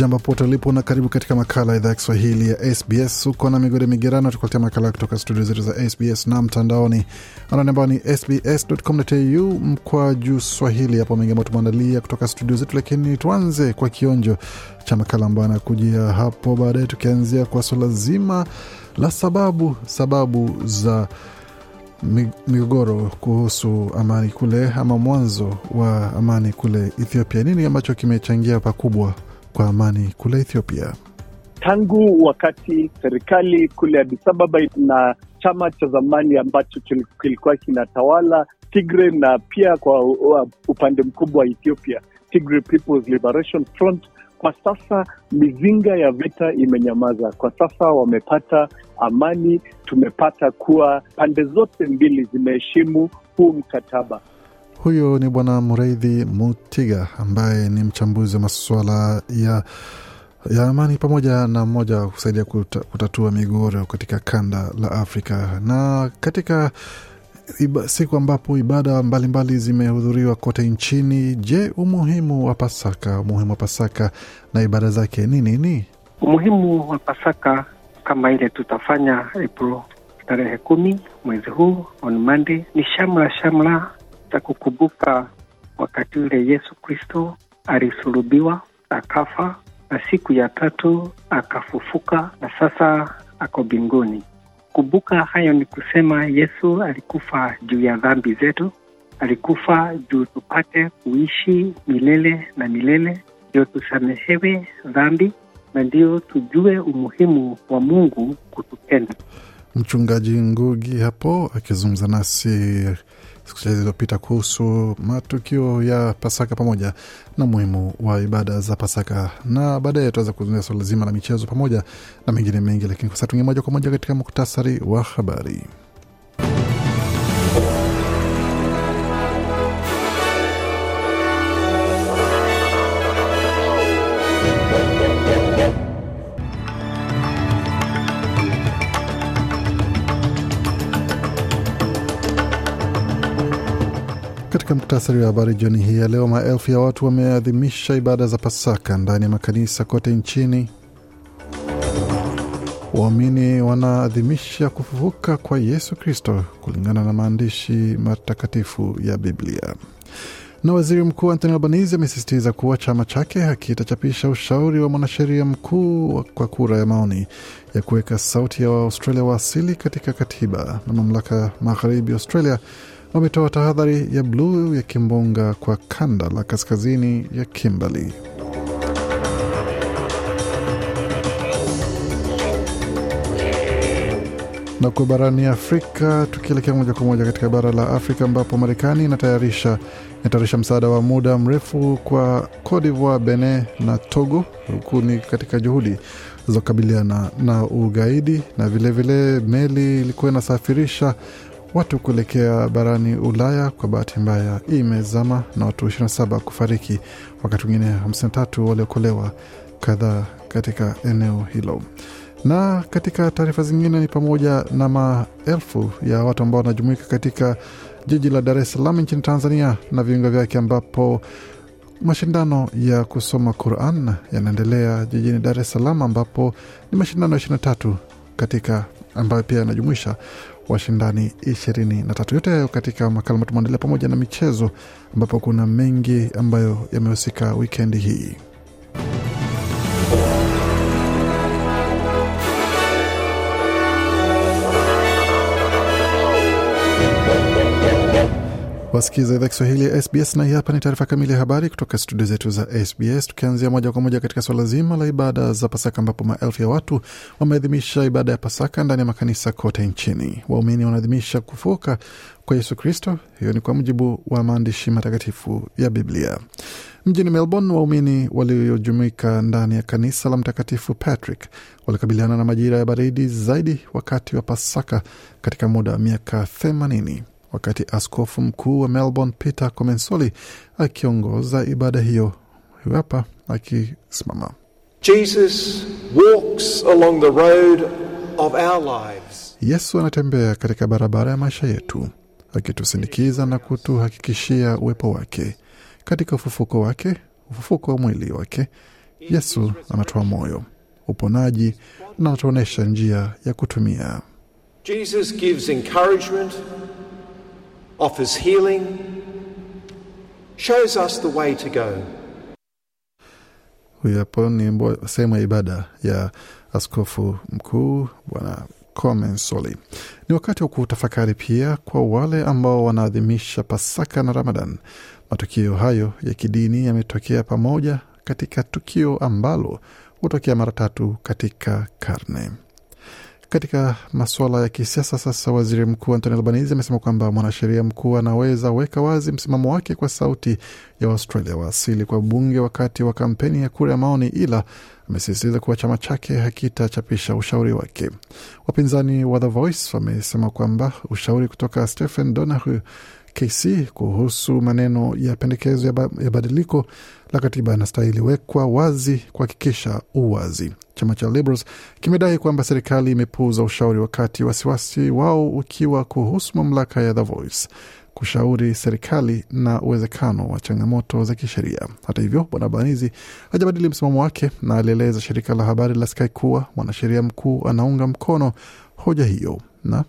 Jambo pote ulipo na karibu katika makala ya idhaa ya Kiswahili ya SBS. Uko na migode migerano, tukuletea makala kutoka studio zetu za SBS na mtandaoni, anwani ambayo ni sbs.com.au mkwa juu swahili. Hapo mengi ambayo tumeandalia kutoka studio zetu, lakini tuanze kwa kionjo cha makala ambayo anakujia hapo baadaye, tukianzia kwa swala zima la sababu sababu za migogoro kuhusu amani kule ama mwanzo wa amani kule Ethiopia. Nini ambacho kimechangia pakubwa kwa amani kule Ethiopia. Tangu wakati serikali kule Addis Ababa na chama cha zamani ambacho kilikuwa kinatawala tigre na pia kwa upande mkubwa wa Ethiopia, People's Liberation Front, kwa sasa mizinga ya vita imenyamaza. Kwa sasa wamepata amani, tumepata kuwa pande zote mbili zimeheshimu huu mkataba. Huyo ni Bwana Muraidhi Mutiga ambaye ni mchambuzi wa masuala ya ya amani pamoja na mmoja wa kusaidia kuta, kutatua migogoro katika kanda la Afrika na katika iba, siku ambapo ibada mbalimbali zimehudhuriwa kote nchini. Je, umuhimu wa Pasaka, umuhimu wa Pasaka na ibada zake ni nini? Umuhimu wa Pasaka kama ile tutafanya April tarehe kumi mwezi huu on Monday ni shamla shamla cha kukumbuka wakati ule Yesu Kristo alisulubiwa, akafa, na siku ya tatu akafufuka, na sasa ako binguni Kumbuka hayo ni kusema Yesu alikufa juu ya dhambi zetu, alikufa juu tupate kuishi milele na milele, ndio tusamehewe dhambi na ndio tujue umuhimu wa Mungu kutupenda. Mchungaji Ngugi hapo akizungumza nasi siku zilizopita kuhusu matukio ya Pasaka pamoja na umuhimu wa ibada za Pasaka, na baadaye tutaweza kuzungumzia swala zima la michezo pamoja na mengine mengi, lakini kwa sasa tuingie moja kwa moja katika muktasari wa habari. Katika muktasari wa habari jioni hii ya leo, maelfu ya watu wameadhimisha ibada za Pasaka ndani ya makanisa kote nchini. Waumini wanaadhimisha kufufuka kwa Yesu Kristo kulingana na maandishi matakatifu ya Biblia. Na waziri mkuu Anthony Albanese amesisitiza kuwa chama chake hakitachapisha ushauri wa mwanasheria mkuu kwa kura ya maoni ya kuweka sauti ya Waaustralia wa asili katika katiba, na mamlaka magharibi Australia wametoa tahadhari ya bluu ya kimbunga kwa kanda la kaskazini ya Kimberley. Na kwa barani Afrika, tukielekea moja kwa moja katika bara la Afrika ambapo Marekani inatayarisha inatayarisha msaada wa muda mrefu kwa Cote d'Ivoire, Benin na Togo, huku ni katika juhudi za kukabiliana na ugaidi na vilevile vile meli ilikuwa inasafirisha Watu kuelekea barani Ulaya kwa bahati mbaya imezama na watu 27 kufariki, wakati wengine 53 waliokolewa kadhaa katika eneo hilo. Na katika taarifa zingine ni pamoja na maelfu ya watu ambao wanajumuika katika jiji la Dar es Salaam nchini Tanzania na viunga vyake ambapo mashindano ya kusoma Quran yanaendelea jijini Dar es Salaam ambapo ni mashindano ya 23 katika ambayo pia yanajumuisha washindani ishirini na tatu. Yote hayo katika makala ambayo pamoja na michezo, ambapo kuna mengi ambayo yamehusika wikendi hii. Wasikiza idhaa Kiswahili ya SBS na hii hapa ni taarifa kamili ya habari kutoka studio zetu za SBS, tukianzia moja kwa moja katika suala zima la ibada za Pasaka, ambapo maelfu ya watu wameadhimisha ibada ya Pasaka ndani ya makanisa kote nchini. Waumini wanaadhimisha kufuka kwa Yesu Kristo. Hiyo ni kwa mujibu wa maandishi matakatifu ya Biblia. Mjini Melbourne, waumini waliojumuika ndani ya kanisa la Mtakatifu Patrick walikabiliana na majira ya baridi zaidi wakati wa Pasaka katika muda wa miaka themanini wakati askofu mkuu wa Melbourne Peter Comensoli akiongoza ibada hiyo, huyu hapa akisimama. Jesus walks along the road of our lives. Yesu anatembea katika barabara ya maisha yetu akitusindikiza na kutuhakikishia uwepo wake katika ufufuko wake, ufufuko wa mwili wake. Yesu anatoa moyo, uponaji na anatuonyesha njia ya kutumia. Jesus gives encouragement offers healing, shows us the way to go. Huyu hapo ni sehemu ya ibada ya askofu mkuu Bwana Comensoli. Ni wakati wa kutafakari pia kwa wale ambao wanaadhimisha Pasaka na Ramadan. Matukio hayo ya kidini yametokea pamoja katika tukio ambalo hutokea mara tatu katika karne. Katika masuala ya kisiasa sasa, waziri mkuu Antoni Albanese amesema kwamba mwanasheria mkuu anaweza weka wazi msimamo wake kwa sauti ya Waustralia waasili kwa bunge wakati wa kampeni ya kura ya maoni, ila amesisitiza kuwa chama chake hakitachapisha ushauri wake. Wapinzani wa The Voice wamesema kwamba ushauri kutoka Stephen donah KC kuhusu maneno ya pendekezo ya, ba, ya badiliko la katiba anastahili wekwa wazi kuhakikisha uwazi. Chama cha Liberals kimedai kwamba serikali imepuuza ushauri, wakati wasiwasi wao ukiwa kuhusu mamlaka ya The Voice kushauri serikali na uwezekano wa changamoto za kisheria. Hata hivyo, bwana banizi hajabadili msimamo wake na alieleza shirika la habari la Sky kuwa mwanasheria mkuu anaunga mkono hoja hiyo na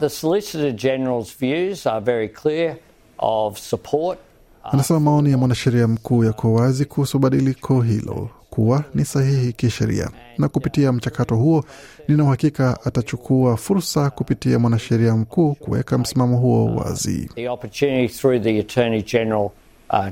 The Solicitor General's views are very clear of support uh, Anasema maoni ya mwanasheria mkuu yako wazi kuhusu badiliko hilo kuwa ni sahihi kisheria, na kupitia mchakato huo nina uhakika atachukua fursa kupitia mwanasheria mkuu kuweka msimamo huo wazi. Uh,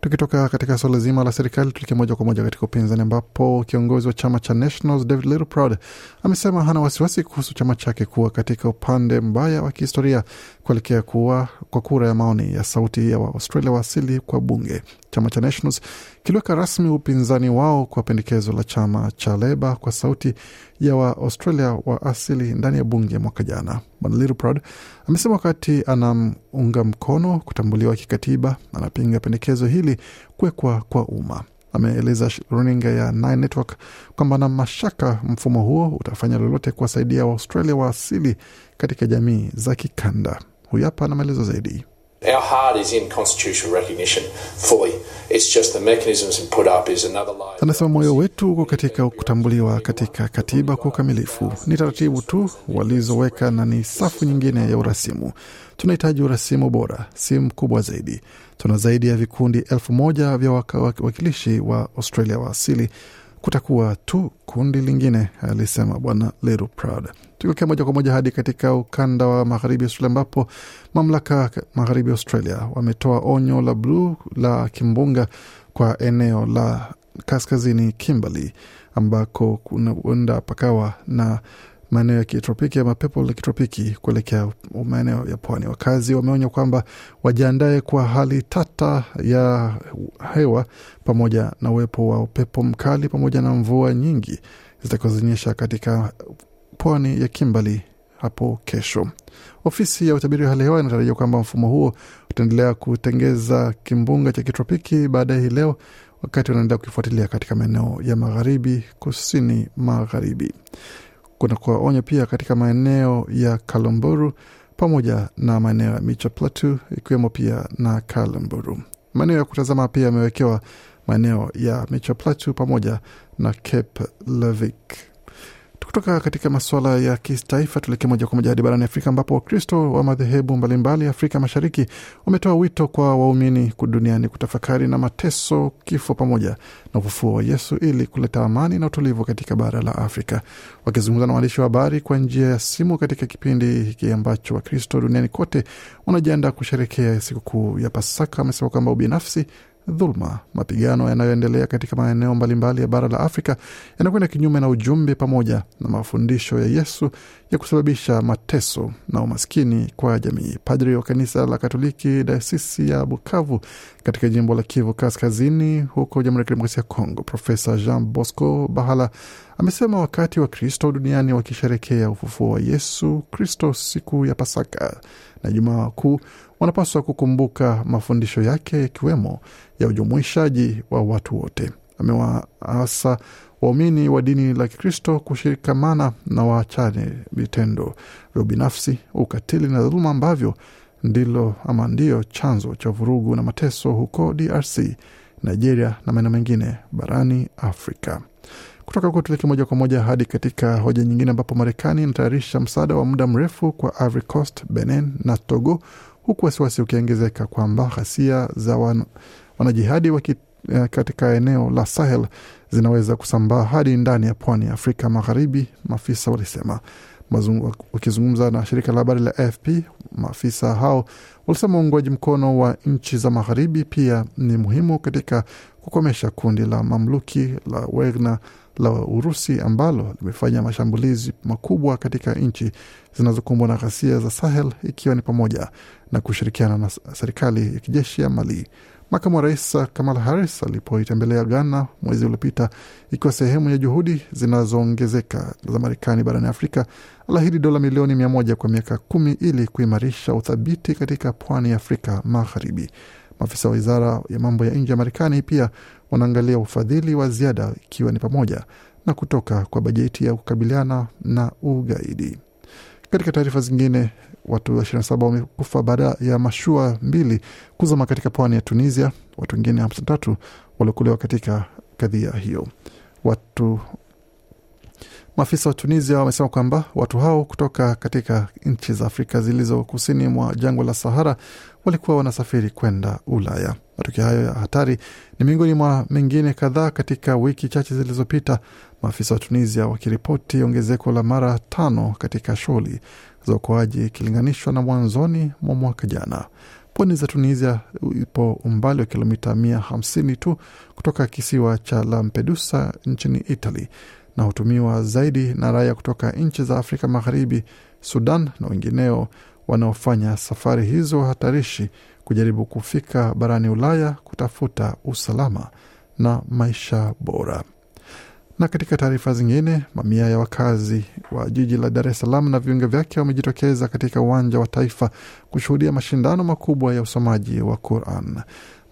Tukitoka katika suala zima la serikali, tulikia moja kwa moja katika upinzani, ambapo kiongozi wa chama cha Nationals David Littleproud amesema hana wasiwasi kuhusu chama chake kuwa katika upande mbaya wa kihistoria kuelekea kuwa kwa kura ya maoni ya sauti ya Waaustralia wa asili kwa bunge chama cha Nationals kiliweka rasmi upinzani wao kwa pendekezo la chama cha Leba kwa sauti ya Waaustralia wa asili ndani ya bunge mwaka jana. Bwana Littleproud amesema wakati anamunga mkono kutambuliwa kikatiba, anapinga pendekezo hili kuwekwa kwa umma. Ameeleza runinga ya Nine Network kwamba na mashaka mfumo huo utafanya lolote kuwasaidia Waaustralia wa asili katika jamii za kikanda. Huyu hapa na maelezo zaidi. Our heart is in constitutional recognition fully. It's just the mechanisms we put up is another lie. Anasema moyo wetu uko katika kutambuliwa katika katiba kwa ukamilifu. Ni taratibu tu walizoweka na ni safu nyingine ya urasimu. Tunahitaji urasimu bora, si mkubwa zaidi. Tuna zaidi ya vikundi elfu moja vya wakilishi wa Australia wa asili kutakuwa tu kundi lingine, alisema Bwana Leru Proud. Tukielekea moja kwa moja hadi katika ukanda wa magharibi Australia, ambapo mamlaka magharibi Australia wametoa onyo la bluu la kimbunga kwa eneo la kaskazini Kimberley ambako huenda pakawa na maeneo ya kitropiki ama pepo la kitropiki kuelekea maeneo ya pwani. Wakazi wameonya kwamba wajiandae kwa hali tata ya hewa pamoja na uwepo wa upepo mkali pamoja na mvua nyingi zitakazonyesha katika pwani ya Kimbali hapo kesho. Ofisi ya utabiri wa hali hewa inatarajia kwamba mfumo huo utaendelea kutengeza kimbunga cha kitropiki baadaye hii leo, wakati unaendelea kukifuatilia katika maeneo ya magharibi, kusini magharibi. Kuna kuwaonya pia katika maeneo ya Kalamburu pamoja na maeneo ya Micha Plateau ikiwemo pia na Kalamburu. Maeneo ya kutazama pia yamewekewa maeneo ya Micha Plateau pamoja na Cape Levick. Kutoka katika masuala ya kitaifa tuelekee moja kwa moja hadi barani Afrika ambapo Wakristo wa madhehebu mbalimbali Afrika Mashariki wametoa wito kwa waumini duniani kutafakari na mateso, kifo pamoja na ufufuo wa Yesu ili kuleta amani na utulivu katika bara la Afrika. Wakizungumza na waandishi wa habari kwa njia ya simu katika kipindi hiki ambacho Wakristo duniani kote wanajiandaa kusherekea sikukuu ya Pasaka, wamesema kwamba ubinafsi dhuluma. Mapigano yanayoendelea katika maeneo mbalimbali ya bara la Afrika yanakwenda kinyume na ujumbe pamoja na mafundisho ya Yesu ya kusababisha mateso na umaskini kwa jamii. Padri wa kanisa la Katoliki dayosisi ya Bukavu katika jimbo la Kivu Kaskazini huko Jamhuri ya Kidemokrasia ya Kongo, Profesa Jean Bosco Bahala amesema wakati wa Kristo duniani wakisherekea ufufuo wa Yesu Kristo siku ya Pasaka na Jumaa Kuu wanapaswa kukumbuka mafundisho yake yakiwemo ya ujumuishaji wa watu wote. Amewaasa waumini wa dini la Kikristo kushirikamana na waachane vitendo vya ubinafsi, ukatili na dhuluma ambavyo ndilo ama ndiyo chanzo cha vurugu na mateso huko DRC, Nigeria na maeneo mengine barani Afrika. Kutoka huko tuleke moja kwa moja hadi katika hoja nyingine, ambapo Marekani inatayarisha msaada wa muda mrefu kwa Ivory Coast, Benin na Togo huku wasiwasi ukiongezeka kwamba ghasia za wan, wanajihadi waki, eh, katika eneo la Sahel zinaweza kusambaa hadi ndani ya pwani ya Afrika Magharibi, maafisa walisema. Wakizungumza na shirika la habari la AFP, maafisa hao walisema uungwaji mkono wa nchi za magharibi pia ni muhimu katika kukomesha kundi la mamluki la Wagner la Urusi ambalo limefanya mashambulizi makubwa katika nchi zinazokumbwa na ghasia za Sahel ikiwa ni pamoja na kushirikiana na serikali ya kijeshi ya Mali. Makamu wa rais Kamala Harris alipoitembelea Ghana mwezi uliopita ikiwa sehemu ya juhudi zinazoongezeka za Marekani barani Afrika, aliahidi dola milioni mia moja kwa miaka kumi ili kuimarisha uthabiti katika pwani ya Afrika Magharibi. Maafisa wa wizara ya mambo ya nje ya Marekani pia wanaangalia ufadhili wa ziada, ikiwa ni pamoja na kutoka kwa bajeti ya kukabiliana na ugaidi. Katika taarifa zingine, watu 27 wamekufa baada ya mashua mbili kuzama katika pwani ya Tunisia. Watu wengine 53 waliokolewa katika kadhia hiyo. Watu maafisa wa Tunisia wamesema kwamba watu hao kutoka katika nchi za Afrika zilizo kusini mwa jangwa la Sahara walikuwa wanasafiri kwenda Ulaya. Matukio hayo ya hatari ni miongoni mwa mengine kadhaa katika wiki chache zilizopita, maafisa wa Tunisia wakiripoti ongezeko la mara tano katika shughuli za uokoaji ikilinganishwa na mwanzoni mwa mwaka jana. Pwani za Tunisia ipo umbali wa kilomita mia hamsini tu kutoka kisiwa cha Lampedusa nchini Italy na hutumiwa zaidi na raia kutoka nchi za Afrika Magharibi, Sudan na wengineo wanaofanya safari hizo hatarishi kujaribu kufika barani Ulaya kutafuta usalama na maisha bora. Na katika taarifa zingine, mamia ya wakazi wa jiji la Dar es Salaam na viunga vyake wamejitokeza katika uwanja wa taifa kushuhudia mashindano makubwa ya usomaji wa Quran.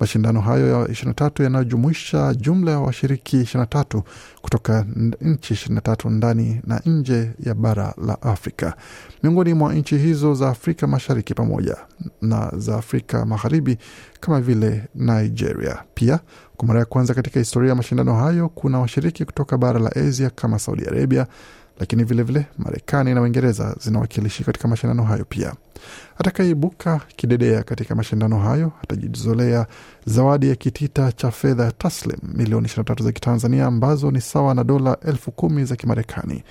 Mashindano hayo ya 23 yanayojumuisha jumla ya washiriki 23 kutoka nchi 23 ndani na nje ya bara la Afrika. Miongoni mwa nchi hizo za Afrika Mashariki pamoja na za Afrika Magharibi kama vile Nigeria. Pia kwa mara ya kwanza katika historia ya mashindano hayo kuna washiriki kutoka bara la Asia kama Saudi Arabia, lakini vilevile Marekani na Uingereza zinawakilishi katika mashindano hayo pia. Atakayeibuka kidedea katika mashindano hayo atajizolea zawadi ya kitita cha fedha taslim milioni 23 za Kitanzania ambazo ni sawa na dola elfu kumi za Kimarekani.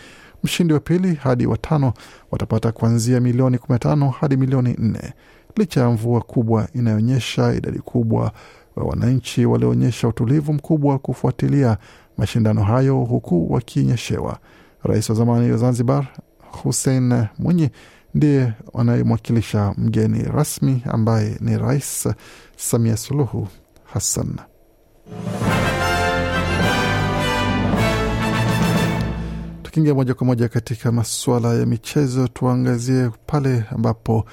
Mshindi wa pili hadi watano watapata kuanzia milioni 15 hadi milioni nne Licha ya mvua kubwa inayoonyesha, idadi kubwa wa wananchi walioonyesha utulivu mkubwa kufuatilia mashindano hayo huku wakinyeshewa. Rais wa zamani wa Zanzibar Hussein Mwinyi ndiye wanayemwakilisha mgeni rasmi ambaye ni Rais Samia Suluhu Hassan. Tukiingia moja kwa moja katika masuala ya michezo, tuangazie pale ambapo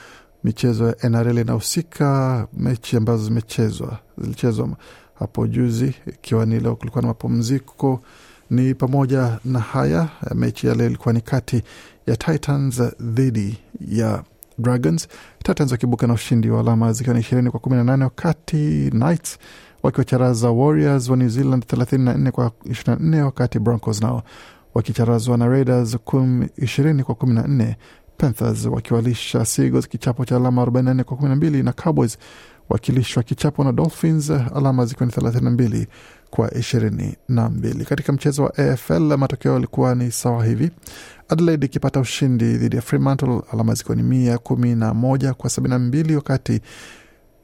michezo ya NRL inahusika. Mechi ambazo zimechezwa zilichezwa hapo juzi, ikiwa ni leo kulikuwa na mapumziko, ni pamoja na haya. Mechi yale ilikuwa ni kati ya Titans dhidi ya Dragons, Titans wakibuka na ushindi wa alama zikiwa ni ishirini kwa kumi na nane wakati Knights wakiwacharaza Warriors wa New Zealand 34 kwa 24, wakati Broncos nao wakicharazwa na Raiders 20 kwa 14, Panthers wakiwalisha Seagulls kichapo cha alama 44 kwa 12 na Cowboys wakilishwa kichapo na Dolphins, alama zikiwa ni 32 kwa 22. Katika mchezo wa AFL matokeo yalikuwa ni sawa hivi, Adelaide ikipata ushindi dhidi ya Fremantle, alama zikiwa ni 111 kwa 72, wakati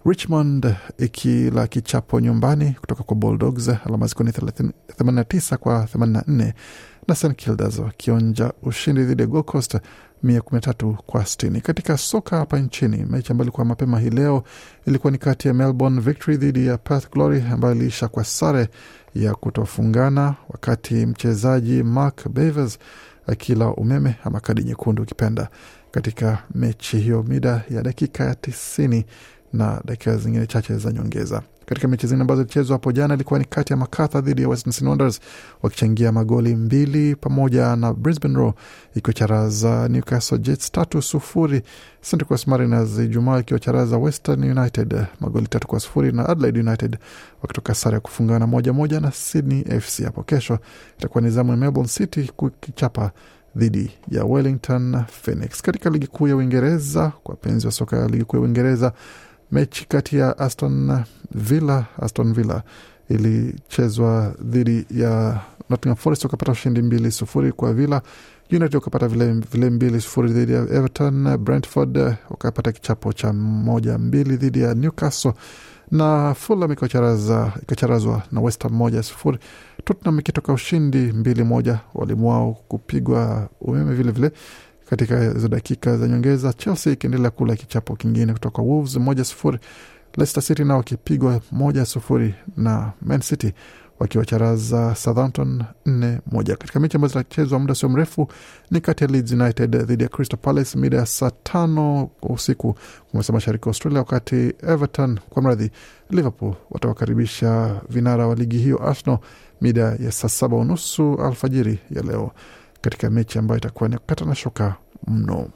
Richmond ikila kichapo nyumbani kutoka kwa Bulldogs, alama zikiwa ni 89 kwa 84, na St Kilda wakionja ushindi dhidi ya Gold Coast mia kumi na tatu kwa sitini. Katika soka hapa nchini, mechi ambayo ilikuwa mapema hii leo ilikuwa ni kati ya Melbourne Victory dhidi ya Perth Glory ambayo iliisha kwa sare ya kutofungana, wakati mchezaji Mark Bevers akila umeme ama kadi nyekundu ukipenda katika mechi hiyo mida ya dakika ya tisini na dakika zingine chache za nyongeza. Katika mechi zingine ambazo ilichezwa hapo jana, ilikuwa ni kati ya Makatha dhidi ya Western Wanderers wakichangia magoli mbili pamoja na Brisbane Roar ikiwacharaza Newcastle Jets tatu sufuri, Central Coast Mariners Ijumaa ikiwacharaza Western United magoli tatu kwa sufuri, na Adelaide United wakitoka sare ya kufungana moja moja na Sydney FC. Hapo kesho itakuwa ni zamu ya Melbourne City kukichapa dhidi ya Wellington Phoenix. Katika ligi kuu ya Uingereza, kwa penzi wa soka ya ligi kuu ya Uingereza mechi kati ya Aston Villa, Aston Villa ilichezwa dhidi ya Nottingham Forest wakapata ushindi mbili sufuri kwa Villa. United wakapata vile, vile mbili sufuri dhidi ya Everton. Brentford wakapata kichapo cha moja mbili dhidi ya Newcastle na Fulham ikacharazwa na West Ham moja sufuri. Tottenham ikitoka ushindi mbili moja, walimu wao kupigwa umeme vilevile vile katika hizo dakika za nyongeza, Chelsea ikiendelea kula kichapo kingine kutoka Wolves moja sufuri, Leicester City nao wakipigwa moja sufuri na Man City wakiwacharaza Southampton nne moja. Katika mechi ambazo zinachezwa muda sio mrefu ni kati ya Leeds United dhidi ya Crystal Palace mida ya saa tano usiku kwa saa mashariki Australia, wakati Everton kwa mradhi Liverpool watawakaribisha vinara wa ligi hiyo Arsenal mida ya saa saba unusu alfajiri ya leo katika mechi ambayo itakuwa ni kukata na shoka mno.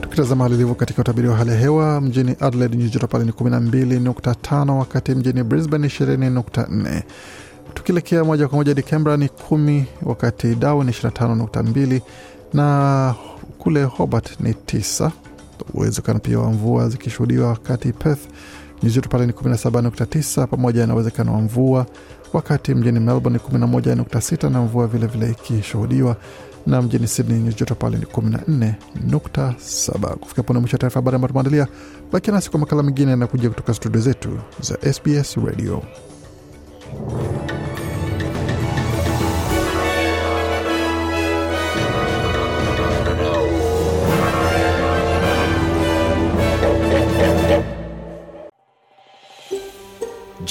Tukitazama hali ilivyo katika utabiri wa hali ya hewa mjini Adelaide nyuzi joto pale ni 12.5, wakati mjini Brisbane 20.4. Tukielekea moja kwa moja hadi Canberra ni 1 wakati Darwin ni 25.2 na kule Hobart ni 9. Uwezekano pia wa mvua zikishuhudiwa, wakati Perth nyuzi joto pale ni 17.9 pamoja na uwezekano wa mvua, wakati mjini Melbourne ni 11.6 na mvua vilevile ikishuhudiwa na mjini Sydney nyuzi joto pale ni 14.7. Kufika punde mwisho wa taarifa habari ambayo tumeandalia. Bakia nasi kwa makala mengine yanakuja kutoka studio zetu za SBS Radio.